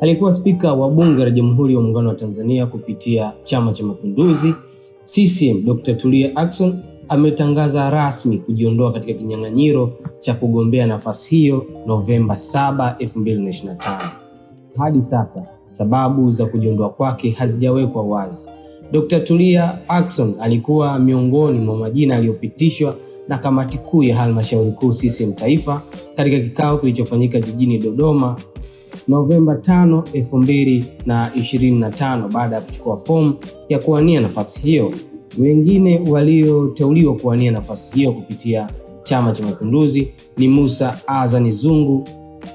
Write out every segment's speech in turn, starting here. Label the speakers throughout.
Speaker 1: Alikuwa spika wa bunge la Jamhuri ya Muungano wa Tanzania kupitia Chama cha Mapinduzi CCM Dr. Tulia Ackson ametangaza rasmi kujiondoa katika kinyang'anyiro cha kugombea nafasi hiyo Novemba 7, 2025. Hadi sasa sababu za kujiondoa kwake hazijawekwa wazi. Dr. Tulia Ackson alikuwa miongoni mwa majina aliyopitishwa na kamati kuu ya halmashauri kuu CCM taifa katika kikao kilichofanyika jijini Dodoma Novemba 5, 2025 baada ya kuchukua fomu ya kuwania nafasi hiyo. Wengine walioteuliwa kuwania nafasi hiyo kupitia Chama cha Mapinduzi ni Musa Azani Zungu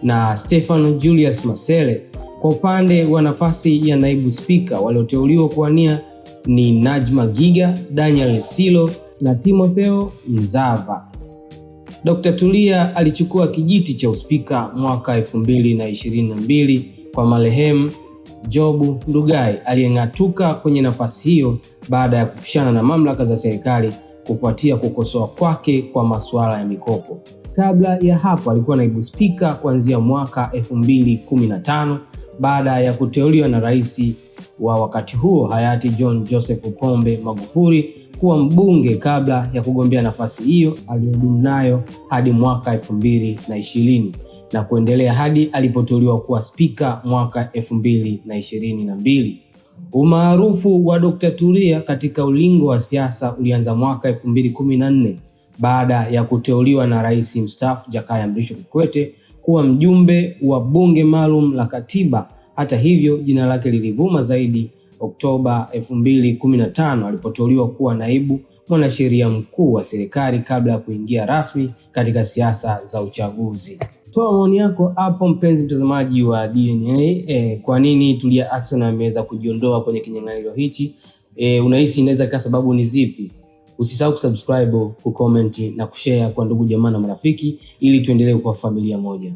Speaker 1: na Stefano Julius Masele. Kwa upande wa nafasi ya naibu spika walioteuliwa kuwania ni Najma Giga, Daniel Silo na Timotheo Mzava. Dkt. Tulia alichukua kijiti cha uspika mwaka 2022 kwa marehemu Jobu Ndugai aliyeng'atuka kwenye nafasi hiyo baada ya kupishana na mamlaka za serikali kufuatia kukosoa kwake kwa masuala ya mikopo. Kabla ya hapo alikuwa naibu spika kuanzia mwaka 2015 baada ya kuteuliwa na rais wa wakati huo hayati John Joseph Pombe Magufuli kuwa mbunge kabla ya kugombea nafasi hiyo aliyodumu nayo hadi mwaka 2020 na kuendelea hadi alipoteuliwa kuwa spika mwaka 2022. Umaarufu wa Dkt. Tulia katika ulingo wa siasa ulianza mwaka 2014 baada ya kuteuliwa na Rais mstaafu Jakaya Mrisho Kikwete kuwa mjumbe wa bunge maalum la katiba. Hata hivyo, jina lake lilivuma zaidi Oktoba 2015 alipoteuliwa kuwa naibu mwanasheria mkuu wa serikali kabla ya kuingia rasmi katika siasa za uchaguzi. Toa maoni yako hapo mpenzi mtazamaji wa DNA. E, kwa nini Tulia Ackson ameweza kujiondoa kwenye kinyang'anyiro hichi? E, unahisi inaweza ikawa sababu ni zipi? Usisahau kusubscribe, kucomment na kushare kwa ndugu jamaa na marafiki ili tuendelee kuwa familia moja.